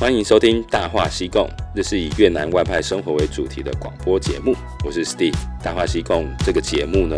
歡迎收聽《大話西貢》，這是以越南外派生活為主題的廣播節目。我是 Steve，《大話西貢》這個節目呢，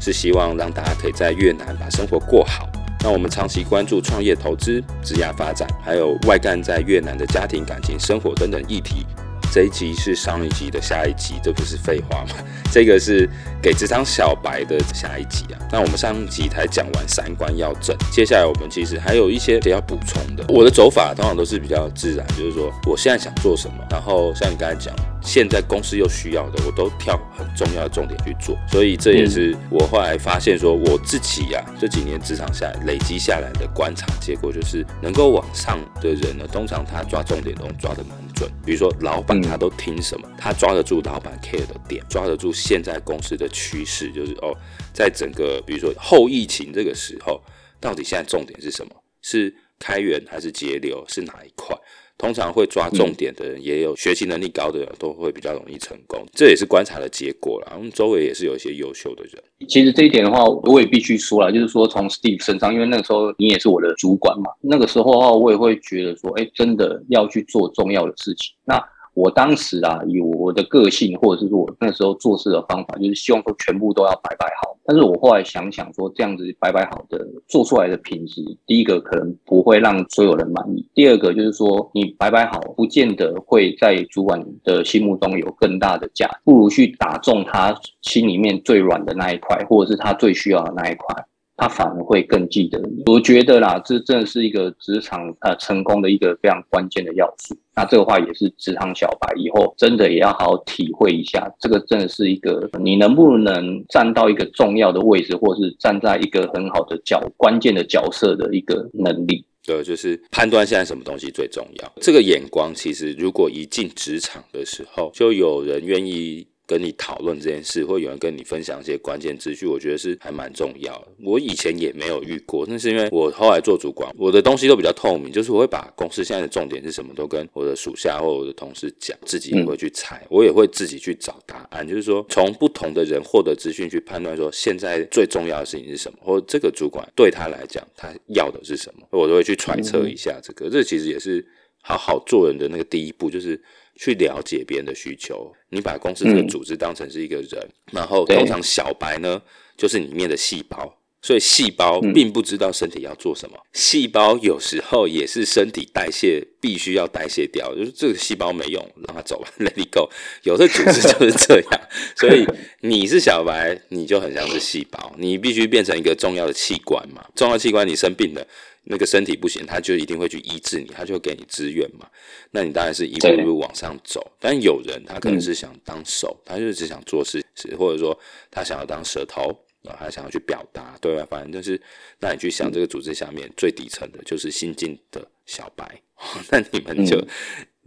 是希望讓大家可以在越南把生活過好。那我們長期關注創業、投資、職業發展，還有外幹在越南的家庭、感情、生活等等議題。這一集是上一集的下一集，這不是廢話嗎？這個是給職場小白的下一集啊。那我們上集才講完三觀要正，接下來我們其實還有一些得要補充的。我的走法通常都是比較自然，就是說我現在想做什麼，然後像你剛才講，現在公司又需要的，我都挑很重要的重點去做。所以這也是我後來發現說，我自己呀、啊嗯、這幾年職場下來累積下來的觀察結果，就是能夠往上的人呢，通常他抓重點都抓的蠻。比如說，老闆他都聽什麼？他抓得住老闆 care 的點，抓得住現在公司的趨勢，就是哦，在整個比如說後疫情這個時候，到底現在重點是什麼？是開源還是節流？是哪一塊？通常會抓重點的人，嗯、也有學習能力高的人都會比較容易成功，這也是觀察的結果啦。我們周圍也是有一些優秀的人。其實這一點的話，我也必須說啦，就是說從 Steve 身上，因為那個時候你也是我的主管嘛，那個時候的話，我也會覺得說，哎，真的要去做重要的事情。那我當時啊，以我的個性，或者是說，我那時候做事的方法，就是希望說全部都要擺擺好。但是我後來想想說，這樣子擺擺好的做出來的品質，第一個可能不會讓所有人滿意，第二個就是說，你擺擺好，不見得會在主管的心目中有更大的價值，不如去打中他心裡面最軟的那一塊，或者是他最需要的那一塊。他反而會更記得你，我覺得啦，這正是一個職場呃，成功的一個非常關鍵的要素。那這個話也是職場小白以後真的也要好好體會一下，這個正是一個你能不能站到一個重要的位置，或是站在一個很好的角關鍵的角色的一個能力。對，就是判斷現在什麼東西最重要，這個眼光其實如果一進職場的時候，就有人願意。跟你討論這件事，或有人跟你分享一些關鍵資訊，我覺得是還蠻重要的。我以前也沒有遇過，那是因為我後來做主管，我的東西都比較透明，就是我會把公司現在的重點是什麼都跟我的屬下或我的同事講，自己也會去猜，我也會自己去找答案，嗯、就是說從不同的人獲得資訊去判斷說現在最重要的事情是什麼，或者這個主管對他來講他要的是什麼，我都會去揣測一下這個。嗯、這個其實也是好好做人的那個第一步，就是。去了解別人的需求，你把公司這個組織當成是一個人，嗯、然後通常小白呢對就是裡面的細胞，所以細胞並不知道身體要做什麼，細、嗯、胞有時候也是身體代謝必須要代謝掉，就是這個細胞沒用，讓它走吧 ，let it go。有的組織就是這樣， 所以你是小白，你就很像是細胞，嗯、你必須變成一個重要的器官嘛，重要器官你生病了。那個身體不行，他就一定會去醫治你，他就會給你資源嘛。那你當然是一步一步往上走。對但有人他可能是想當手，嗯、他就是只想做事或者說他想要當舌頭，然後他想要去表達對吧？反正就是，那你去想這個組織下面、嗯、最底層的就是新進的小白， 那你們就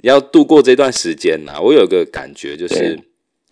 要度過這段時間啦。我有一個感覺就是，對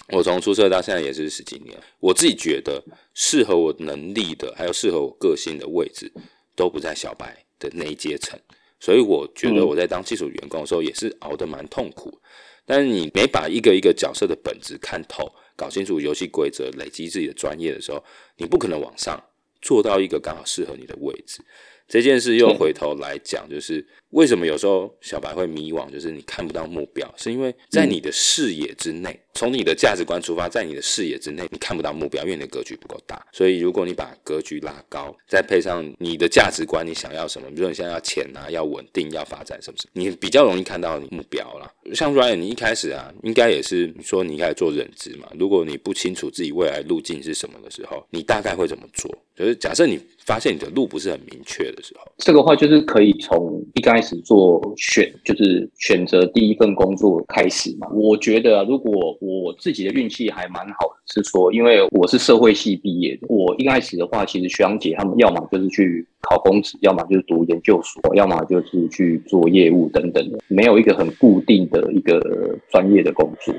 我從出社到現在也是十幾年，我自己覺得適合我能力的，還有適合我個性的位置，都不在小白的那一階層，所以我覺得我在當技術員工的時候也是熬得蠻痛苦。但是你沒把一個一個角色的本質看透，搞清楚遊戲規則，累積自己的專業的時候，你不可能往上做到一個剛好適合你的位置。這件事又回頭來講，就是。為什麼有時候小白會迷惘？就是你看不到目標，是因為在你的視野之內，從、嗯、你的價值觀出發，在你的視野之內，你看不到目標，因為你的格局不夠大。所以，如果你把格局拉高，再配上你的價值觀，你想要什麼？比如說你現在要錢啊，要穩定，要發展，是不是？你比較容易看到你目標啦。像 Ryan，你一開始啊，應該也是你說你應該做認知嘛。如果你不清楚自己未來路徑是什麼的時候，你大概會怎麼做？就是假設你發現你的路不是很明確的時候，這個話就是可以從一開開始做選，就是選擇第一份工作開始嘛。我覺得，如果我自己的運氣還蠻好的，是說，因為我是社會系畢業的，我一開始的話，其實學長姐他們要麼就是去考公職，要麼就是讀研究所，要麼就是去做業務等等的，沒有一個很固定的一個專業的工作。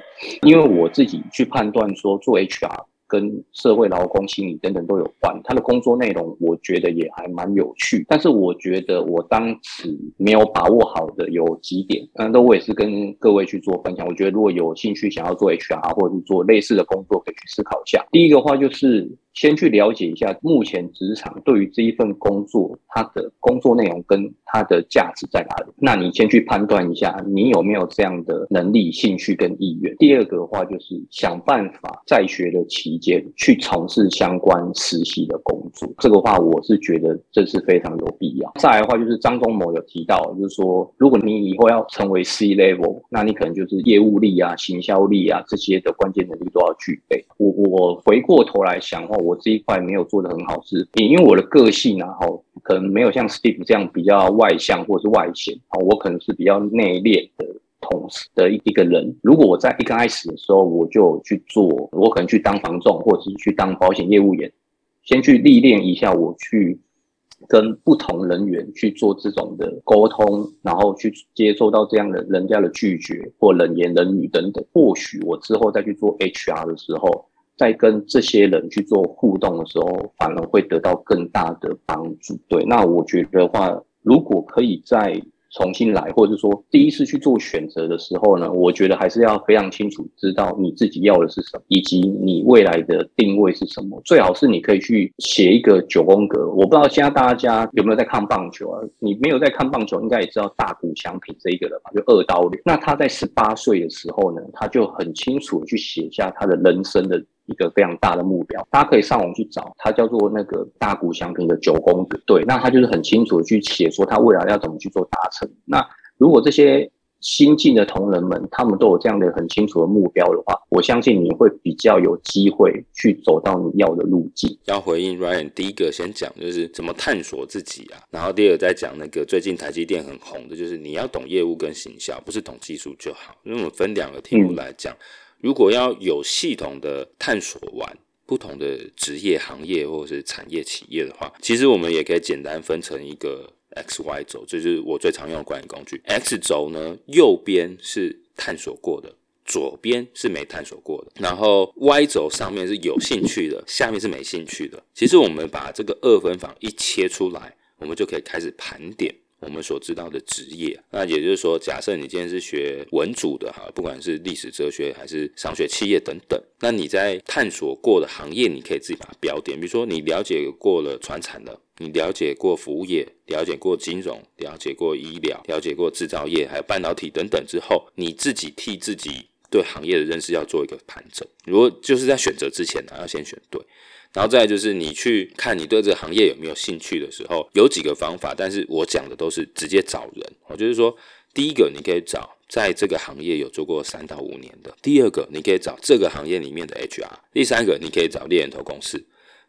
因為我自己去判斷說，做 HR。跟社會勞工心理等等都有關，他的工作內容我覺得也還蠻有趣，但是我覺得我當時沒有把握好的有幾點，當然，那我也是跟各位去做分享。我覺得如果有興趣想要做 HR 或者是做類似的工作，可以去思考一下。第一個話就是。先去了解一下目前職場對於這一份工作，它的工作內容跟它的價值在哪裡。那你先去判斷一下，你有沒有這樣的能力、興趣跟意願。第二個的話就是想辦法在學的期間去從事相關實習的工作。這個話我是覺得這是非常有必要。再來的話就是張忠謀有提到，就是說如果你以後要成為 C level，那你可能就是業務力啊、行銷力啊這些的關鍵能力都要具備。我我回過頭來想的話。我這一塊沒有做的很好，是因因為我的個性然後、哦、可能沒有像 Steve 這樣比較外向或是外顯，哦，我可能是比較內斂的同事的一一個人。如果我在一開始的時候我就去做，我可能去當房仲或者是去當保險業務員，先去歷練一下，我去跟不同人員去做這種的溝通，然後去接受到這樣的人家的拒絕或冷言冷語等等，或許我之後再去做 HR 的時候。在跟這些人去做互動的時候，反而會得到更大的幫助。對，那我覺得的話，如果可以再重新來，或者說第一次去做選擇的時候呢，我覺得還是要非常清楚知道你自己要的是什麼，以及你未來的定位是什麼。最好是你可以去寫一個九宮格。我不知道現在大家有沒有在看棒球啊？你沒有在看棒球，應該也知道大谷翔平這一個了吧？就二刀流。那他在十八歲的時候呢，他就很清楚去寫下他的人生的。一個非常大的目標，大家可以上網去找，它叫做那個大谷翔平的九宮格。對，那他就是很清楚去寫說他未來要怎麼去做達成。那如果這些新進的同仁們，他們都有這樣的很清楚的目標的話，我相信你會比較有機會去走到你要的路徑。要回應 Ryan，第一個先講就是怎麼探索自己啊，然後第二個再講那個最近台積電很紅的，就是你要懂業務跟行銷，不是懂技術就好。那我分兩個題目來講。嗯如果要有系統的探索完不同的職業行業或者是產業企業的話，其實我們也可以簡單分成一個 X Y 軸，這、就是我最常用的管理工具。X 軸呢，右邊是探索過的，左邊是沒探索過的；然後 Y 軸上面是有興趣的，下面是沒興趣的。其實我們把這個二分法一切出來，我們就可以開始盤點。我們所知道的職業，那也就是說，假設你今天是學文組的哈，不管是歷史、哲學，還是商學、企業等等，那你在探索過的行業，你可以自己把它標點。比如說，你了解過了傳產的，你了解過服務業，了解過金融，了解過醫療，了解過製造業，還有半導體等等之後，你自己替自己對行業的認識要做一個盤整。如果就是在選擇之前呢，要先選對。然後再來就是你去看你對這個行業有沒有興趣的時候，有幾個方法，但是我講的都是直接找人。我、哦、就是說，第一個你可以找在這個行業有做過三到五年的；第二個你可以找這個行業裡面的 HR；第三個你可以找獵人頭公司；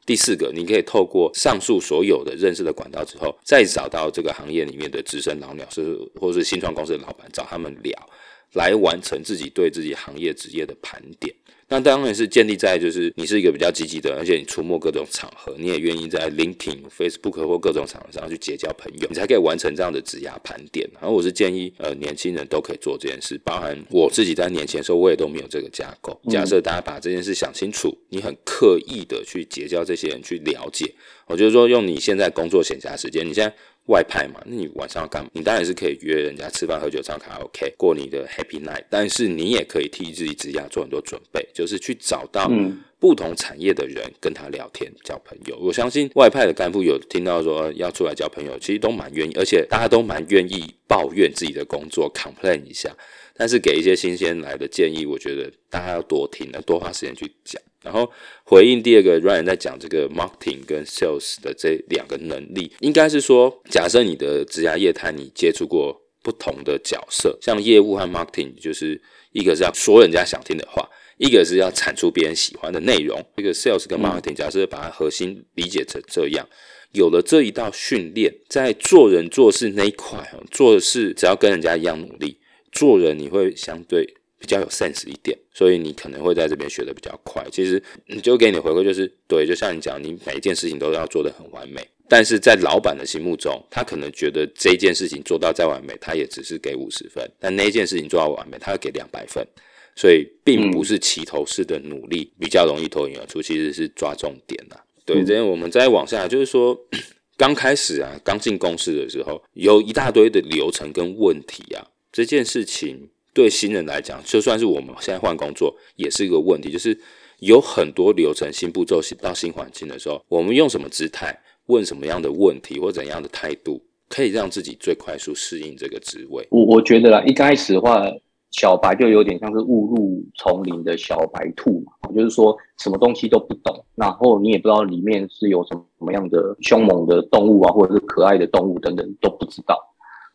第四個你可以透過上述所有的認識的管道之後，再找到這個行業裡面的資深老鳥是或者是新創公司的老闆，找他們聊。來完成自己對自己行業職業的盤點，那當然是建立在就是你是一個比較積極的，而且你出沒各種場合，你也願意在 LinkedIn、Facebook 或各種場合上去結交朋友，你才可以完成這樣的職業盤點。然後我是建議，呃，年輕人都可以做這件事，包含我自己在年前的時候，我也都沒有這個架構。嗯。假設大家把這件事想清楚，你很刻意的去結交這些人去了解，我就是說用你現在工作閒暇時間，你現在。外派嘛，那你晚上要幹嘛？你當然是可以約人家吃飯喝酒唱卡拉 OK，過你的 Happy Night。但是你也可以替自己職涯做很多準備，就是去找到不同產業的人跟他聊天交朋友。嗯、我相信外派的幹部有聽到說要出來交朋友，其實都蠻願意，而且大家都蠻願意抱怨自己的工作，complain 一下。但是給一些新鮮來的建議，我覺得大家要多聽，多花時間去講。然後回應第二個，Ryan 在講這個 marketing 跟 sales 的這兩個能力，應該是說，假設你的職涯業態你接觸過不同的角色，像業務和 marketing，就是一個是要說人家想聽的話，一個是要產出別人喜歡的內容。這個 sales 跟 marketing，假設把它核心理解成這樣，有了這一道訓練，在做人做事那一塊，做事只要跟人家一樣努力，做人你會相對。比較有 sense 一點，所以你可能會在這邊學得比較快。其實，就給你回饋就是，對，就像你講，你每一件事情都要做得很完美。但是在老闆的心目中，他可能覺得這件事情做到再完美，他也只是給五十分；但那一件事情做到完美，他要給兩百分。所以，並不是齊頭式的努力比較容易脫穎而出，其實是抓重點了、啊。對，嗯、因為我們再往下，就是說，剛開始啊，剛進公司的時候，有一大堆的流程跟問題啊，這件事情。對新人來講，就算是我們現在換工作，也是一個問題。就是有很多流程、新步驟、到新環境的時候，我們用什麼姿態、問什麼樣的問題或怎樣的態度，可以讓自己最快速適應這個職位。我我覺得啦，一開始的話，小白就有點像是誤入叢林的小白兔嘛，就是說什麼東西都不懂，然後你也不知道裡面是有什麼什麼樣的兇猛的動物啊，或者是可愛的動物等等，都不知道。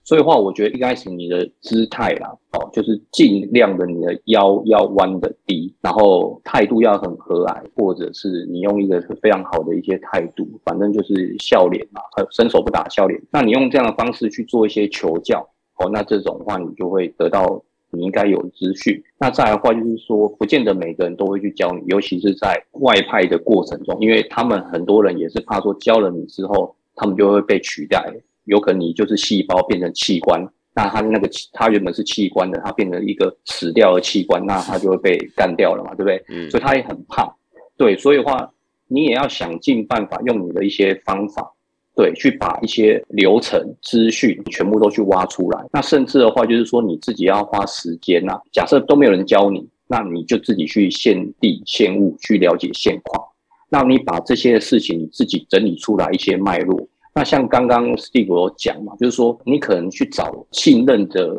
所以話，我覺得一開始你的姿態啦，哦，就是盡量的你的腰要彎的低，然後態度要很和藹，或者是你用一個非常好的一些態度，反正就是笑臉嘛，很伸手不打笑臉。那你用這樣的方式去做一些求教，哦，那這種話你就會得到你應該有的資訊。那再來的話就是說，不見得每個人都會去教你，尤其是在外派的過程中，因為他們很多人也是怕說教了你之後，他們就會被取代。有可能你就是細胞變成器官，那它那個它原本是器官的，它變成一個死掉的器官，那它就會被幹掉了嘛，對不對？嗯。所以它也很怕，對，所以的話你也要想盡辦法用你的一些方法，對，去把一些流程資訊全部都去挖出來。那甚至的話就是說你自己要花時間啊，假設都沒有人教你，那你就自己去現地現物去了解現況，那你把這些事情你自己整理出來一些脈絡。那像剛剛 Steve 有講嘛，就是說你可能去找信任的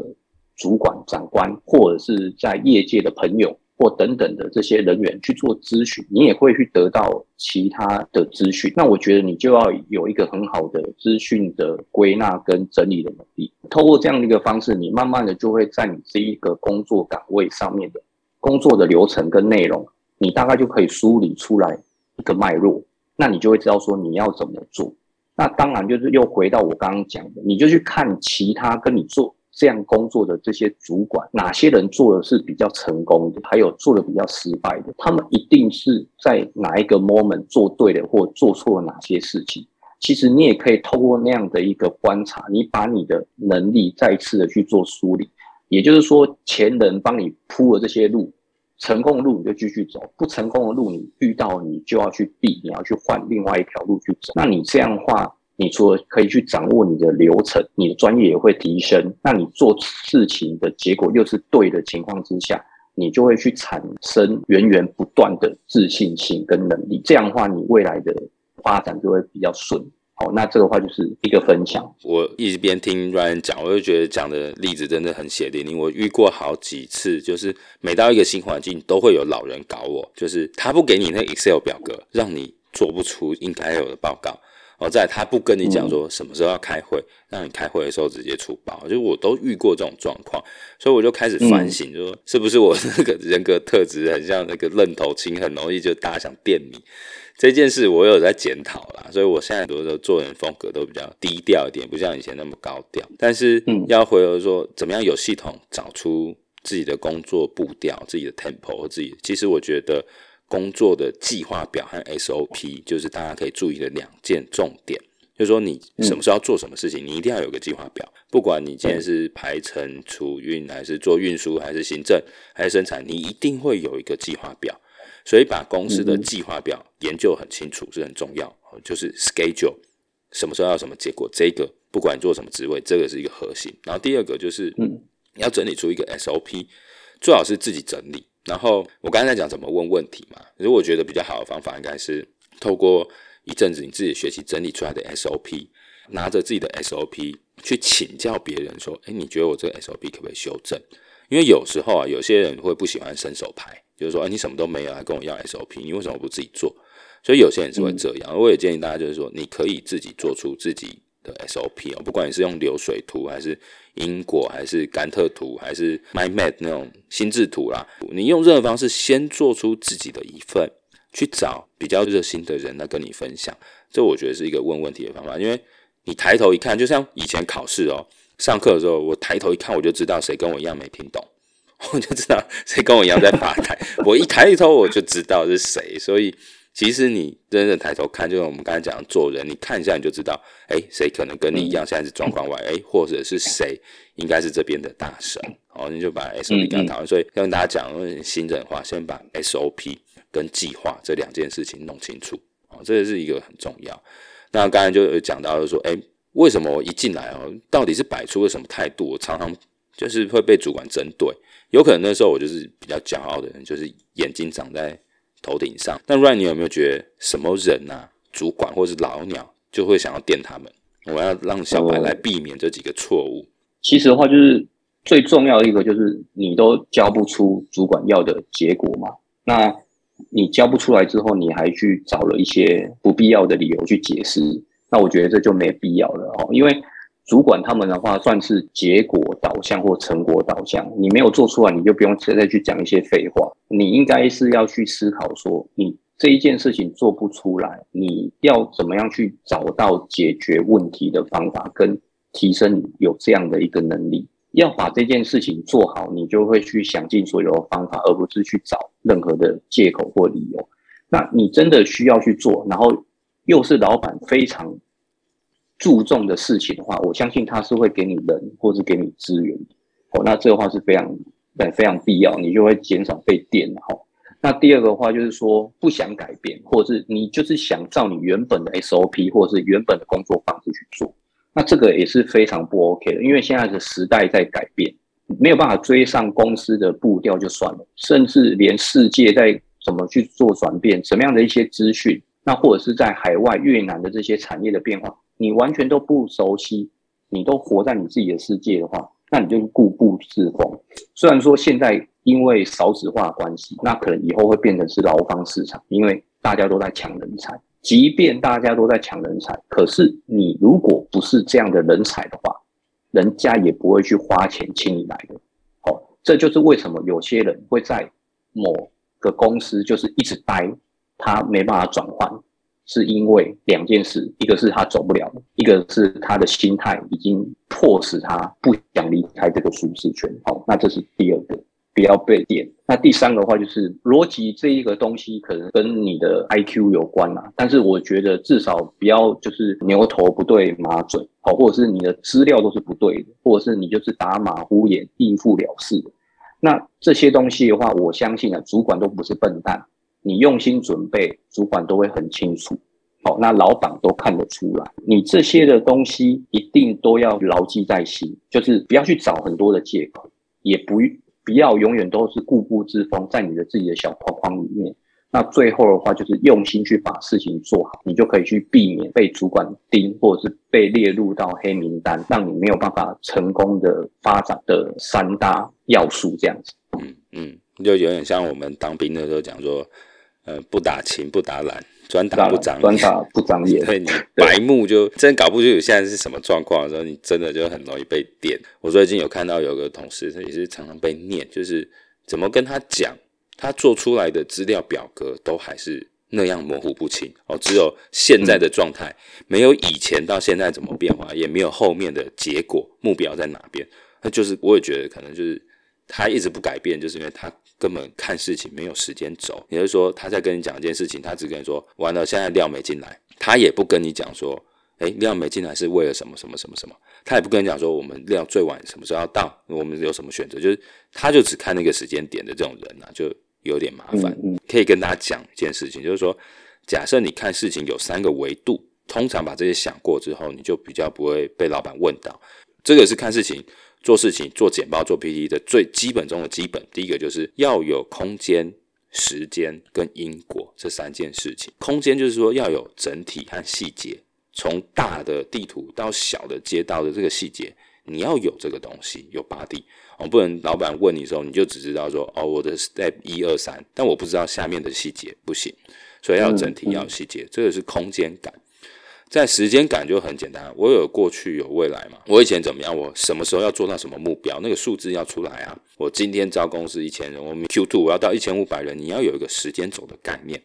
主管、長官，或者是在業界的朋友，或等等的這些人員去做諮詢，你也會去得到其他的資訊。那我覺得你就要有一個很好的資訊的歸納跟整理的能力。通過這樣的一個方式，你慢慢的就會在你這一個工作崗位上面的工作的流程跟內容，你大概就可以梳理出來一個脈絡。那你就會知道說你要怎麼做。那當然就是又回到我剛剛講的，你就去看其他跟你做這樣工作的這些主管，哪些人做的是比較成功的，還有做的比較失敗的，他們一定是在哪一個 moment 做對了或做錯了哪些事情。其實你也可以透過那樣的一個觀察，你把你的能力再次的去做梳理。也就是說，前人幫你鋪了這些路。成功的路你就繼續走，不成功的路你遇到你就要去避，你要去換另外一條路去走。那你這樣的話，你除了可以去掌握你的流程，你的專業也會提升。那你做事情的結果又是對的情況之下，你就會去產生源源不斷的自信心跟能力。這樣的話，你未來的發展就會比較順。好，那這個話就是一個分享。我一邊聽 Ryan 講，我就覺得講的例子真的很血淋淋。我遇過好幾次，就是每到一個新環境，都會有老人搞我，就是他不給你那 Excel 表格，讓你做不出應該有的報告。哦，再來他不跟你講說什麼時候要開會，嗯、讓你開會的時候直接出報，就我都遇過這種狀況。所以我就開始反省，就說、嗯、是不是我那個人格特質很像那個愣頭青，很容易就大家想電你。這件事我有在檢討啦，所以我現在很多的做人風格都比較低調一點，不像以前那麼高調。但是要回頭說，怎麼樣有系統找出自己的工作步調、自己的 tempo 或自己，其實我覺得工作的計劃表和 SOP 就是大家可以注意的兩件重點。就是說，你什麼時候要做什麼事情，你一定要有個計劃表。不管你今天是排程出運，還是做運輸，還是行政，還是生產，你一定會有一個計劃表。所以把公司的計劃表研究很清楚，嗯嗯，是很重要，就是 schedule 什麼時候要什麼結果，這個不管做什麼職位，這個是一個核心。然後第二個就是，嗯、要整理出一個 SOP，最好是自己整理。然後我剛才講怎麼問問題嘛，如果覺得比較好的方法，應該是透過一陣子你自己學習整理出來的 SOP，拿着自己的 SOP 去請教別人，說：誒、欸，你覺得我這個 SOP 可不可以修正？因為有時候啊，有些人會不喜歡伸手牌，就是說，欸、你什麼都沒有還跟我要 SOP，你為什麼不自己做？所以有些人是會這樣。我也建議大家，就是說，你可以自己做出自己的 SOP 哦，不管你是用流水圖，還是因果，還是甘特圖，還是 Mind Map 那種心智圖啦，你用任何方式先做出自己的一份，去找比較熱心的人來跟你分享。這我覺得是一個問問題的方法，因為你抬頭一看，就像以前考試哦。上課的時候，我抬頭一看，我就知道誰跟我一樣沒聽懂，我就知道誰跟我一樣在發呆。 我一抬一頭，我就知道是誰。所以，其實你真正抬頭看，就是我們剛才講的做人，你看一下你就知道，哎、欸，誰可能跟你一樣現在是狀況外，哎、欸，或者是誰應該是這邊的大神。哦、喔，你就把 SOP 跟他討論。嗯嗯，所以，要跟大家講，新人的話，先把 SOP 跟計劃這兩件事情弄清楚。哦、喔，這是一個很重要。那剛才就講到，就說，哎、欸。為什麼我一進來哦？到底是擺出了什麼態度？常常就是會被主管針對。有可能那時候我就是比較驕傲的人，就是眼睛長在頭頂上。那 Ryan，你有沒有覺得什麼人吶？主管或者是老鳥就會想要電他們？我要讓小白來避免這幾個錯誤。其實的話，就是最重要的一個，就是你都交不出主管要的結果嘛。那你交不出來之後，你還去找了一些不必要的理由去解釋。那我覺得這就沒必要了哦，因為主管他們的話算是結果導向或成果導向，你沒有做出來，你就不用再去講一些廢話。你應該是要去思考說，你這一件事情做不出來，你要怎麼樣去找到解決問題的方法，跟提升你有這樣的一個能力，要把這件事情做好，你就會去想盡所有的方法，而不是去找任何的借口或理由。那你真的需要去做，然後。又是老闆非常注重的事情的話，我相信他是會給你人，或是給你資源。哦，那這個話是非常，對非常必要，你就會減少被電哈。那第二個話就是說，不想改變，或者是你就是想照你原本的 SOP 或者是原本的工作方式去做，那這個也是非常不 OK 的，因為現在的時代在改變，沒有辦法追上公司的步調就算了，甚至連世界在怎麼去做轉變，什麼樣的一些資訊。那或者是在海外越南的這些產業的變化，你完全都不熟悉，你都活在你自己的世界的話，那你就固步自封。雖然說現在因為少子化的關係，那可能以後會變成是勞方市場，因為大家都在搶人才。即便大家都在搶人才，可是你如果不是這樣的人才的話，人家也不會去花錢請你來的。哦，這就是為什麼有些人會在某個公司就是一直待。他沒辦法轉換，是因為兩件事：一個是他走不了，一個是他的心態已經迫使他不想離開這個舒適圈。好、哦，那這是第二個，不要被電。那第三個的話，就是邏輯這一個東西可能跟你的 IQ 有關啊。但是我覺得至少不要就是牛頭不對馬嘴，好、哦，或者是你的資料都是不對的，或者是你就是打馬虎眼應付了事。那這些東西的話，我相信啊，主管都不是笨蛋。你用心準備，主管都會很清楚。好，那老闆都看得出來。你這些的東西一定都要牢記在心，就是不要去找很多的借口，也不不要永遠都是固步自封，在你的自己的小框框裡面。那最後的話，就是用心去把事情做好，你就可以去避免被主管盯，或者是被列入到黑名單，讓你沒有辦法成功的發展的三大要素這樣子。嗯嗯，就有點像我們當兵的時候講說。呃，不打勤不打懶，專打不長，專打，打不長眼，所 你白目就對真搞不清楚現在是什麼狀況的時候，你真的就很容易被電。我最近有看到有個同事，他也是常常被念，就是怎麼跟他講，他做出來的資料表格都還是那樣模糊不清。哦，只有現在的狀態，沒有以前到現在怎麼變化，也沒有後面的結果，目標在哪邊。那就是我也覺得可能就是他一直不改變，就是因為他。根本看事情沒有時間軸，也就是說，他在跟你講一件事情，他只跟你說完了，現在料沒進來，他也不跟你講說，誒，料沒進來是為了什麼什麼什麼什麼，他也不跟你講說，我們料最晚什麼時候要到，我們有什麼選擇，就是他就只看那個時間點的這種人啊，就有點麻煩。可以跟大家講一件事情，就是說，假設你看事情有三個維度，通常把這些想過之後，你就比較不會被老板問到。這個是看事情。做事情、做簡報、做 PPT 的最基本中的基本，第一個就是要有空間、時間跟因果這三件事情。空間就是說要有整體和細節，從大的地圖到小的街道的這個細節，你要有這個東西，有八 D。我、哦、我們不能老闆問你的時候，你就只知道說哦，我的 step 一二三，但我不知道下面的細節，不行。所以要整體，嗯嗯、要細節，這個是空間感。在時間感就很簡單，我有過去有未來嘛？我以前怎麼樣？我什麼時候要做到什麼目標？那個數字要出來啊！我今天招公司一千人，我們 Q two 我要到一千五百人，你要有一個時間軸的概念，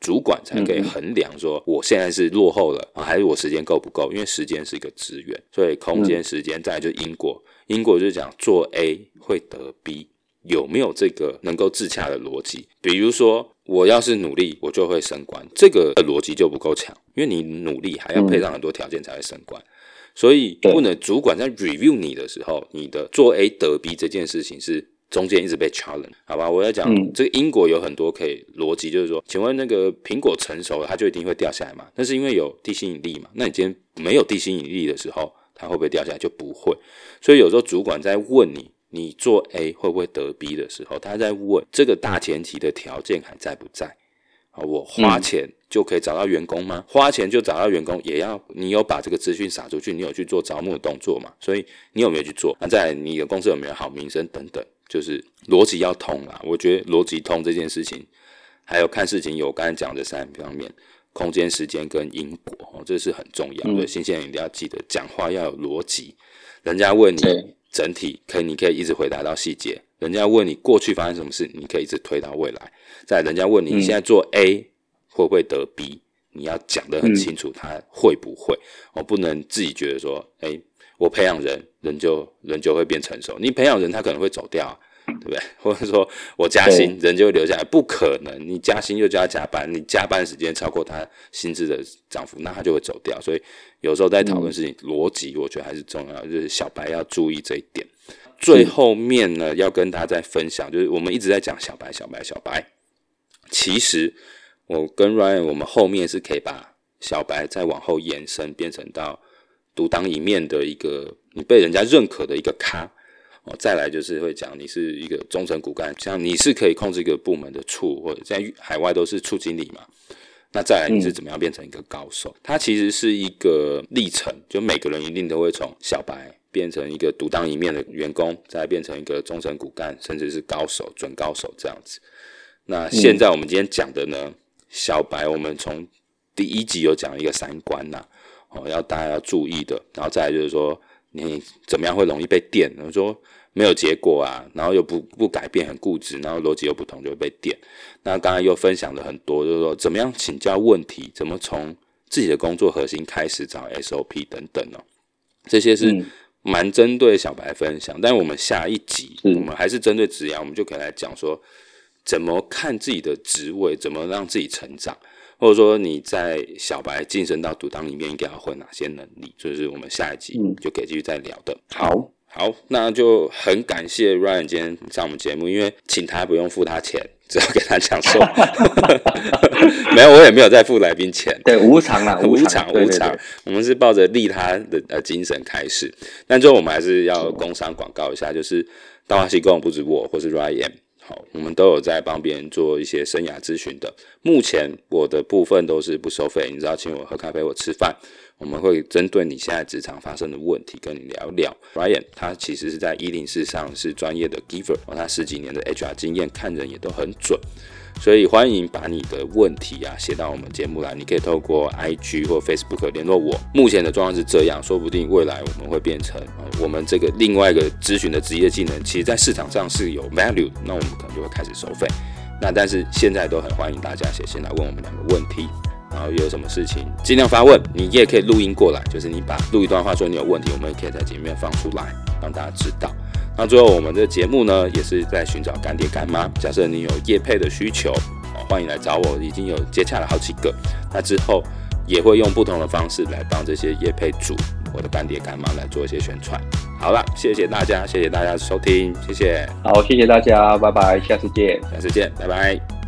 主管才可以衡量說我現在是落後了，啊、還是我時間夠不夠？因為時間是一個資源，所以空間、時間再就是因果，因果就是講做 A 會得 B，有沒有這個能夠自洽的邏輯？比如說我要是努力，我就會升官，這個的邏輯就不夠強。因為你努力，還要配上很多條件才會升官，所以不能主管在 review 你的時候，你的做 A 得 B 這件事情是中間一直被 challenge。好吧，我要講這個因果有很多可以邏輯，就是說，請問那個蘋果成熟了，它就一定會掉下來嗎？那是因為有地心引力嘛？那你今天沒有地心引力的時候，它會不會掉下來？就不會。所以有時候主管在問你，你做 A 會不會得 B 的時候，他在問這個大前提的條件還在不在？啊，我花錢就可以找到員工嗎？嗯、花錢就找到員工，也要你有把這個資訊撒出去，你有去做招募的動作嘛？所以你有沒有去做？那、啊、在你的公司有沒有好名聲等等，就是邏輯要通啦。我覺得邏輯通這件事情，還有看事情有我剛才講的三方面：空間、時間跟因果，哦，這是很重要的。所以、嗯、新鮮人一定要記得講話要有邏輯，人家問你，整體可以，你可以一直回答到細節。人家問你過去發生什麼事，你可以一直推到未來。再人家問你現在做 A、嗯、會不會得 B，你要講得很清楚，他會不會？嗯、我不能自己覺得說，哎、欸，我培養人，人就人就會變成熟。你培養人，他可能會走掉、啊。對不對？或者說我加薪，人就會留下來。對不可能，你加薪又叫他加班，你加班時間超過他薪資的漲幅，那他就會走掉。所以有時候在討論事情、嗯、邏輯，我覺得還是重要。就是小白要注意這一點。最後面呢，要跟大家再分享，就是我們一直在講小白，小白，小白。其實我跟 Ryan，我們後面是可以把小白再往後延伸，變成到獨當一面的一個，你被人家認可的一個咖。哦，再來就是會講你是一個中層骨幹，像你是可以控制一個部門的處，或者在海外都是處經理嘛。那再來你是怎麼樣變成一個高手？它、嗯、其實是一個歷程，就每個人一定都會從小白變成一個獨當一面的員工，再來變成一個中層骨幹，甚至是高手、準高手這樣子。那現在我們今天講的呢，小白，我們從第一集有講一個三觀呐、啊，哦，要大家要注意的。然後再來就是說。你怎麼樣會容易被電？比如說沒有結果啊，然後又不不改變，很固執，然後邏輯又不同，就會被電。那剛才又分享了很多，就是說怎麼樣請教問題，怎麼從自己的工作核心開始找 SOP 等等哦。這些是蠻針對小白分享，但我們下一集我們還是針對職涯，我們就可以來講說怎麼看自己的職位，怎麼讓自己成長。或者說你在小白晉升到獨當一面，應該要混哪些能力？就是我們下一集就可以繼續再聊的。嗯、好，好，好，那就很感謝 Ryan 今天上我們節目，因為請他不用付他錢，只要給他講說， 沒有，我也沒有在付來賓錢，對，無償啊，無償，無償，我們是抱着利他的呃精神開始，但最後我們還是要工商廣告一下，就是大話西貢不止我，或是 Ryan。我們都有在幫別人做一些生涯諮詢的。目前我的部分都是不收費，你只要請我喝咖啡，我吃飯。我們會針對你現在職場發生的問題跟你聊聊。Ryan，他其實是在一零四上是專業的 giver，哦，他十幾年的 HR 經驗，看人也都很準。所以歡迎把你的問題啊寫到我們節目來，你可以透過 IG 或 Facebook 聯絡我。目前的狀況是這樣，說不定未來我們會變成我們這個另外一個諮詢的職業技能，其實，在市場上是有 value，那我們可能就會開始收費。那但是現在都很歡迎大家寫信來問我們兩個問題，然後又有什麼事情儘量發問，你也可以錄音過來，就是你把錄一段話，說你有問題，我們也可以在節目放出來，讓大家知道。那最後，我們的節目呢，也是在尋找乾爹乾媽。假設你有業配的需求，歡迎來找我。已經有接洽了好幾個，那之後也會用不同的方式來幫這些業配組我的乾爹乾媽來做一些宣傳。好了，謝謝大家，謝謝大家收聽，謝謝。好，謝謝大家，拜拜，下次見，下次見，拜拜。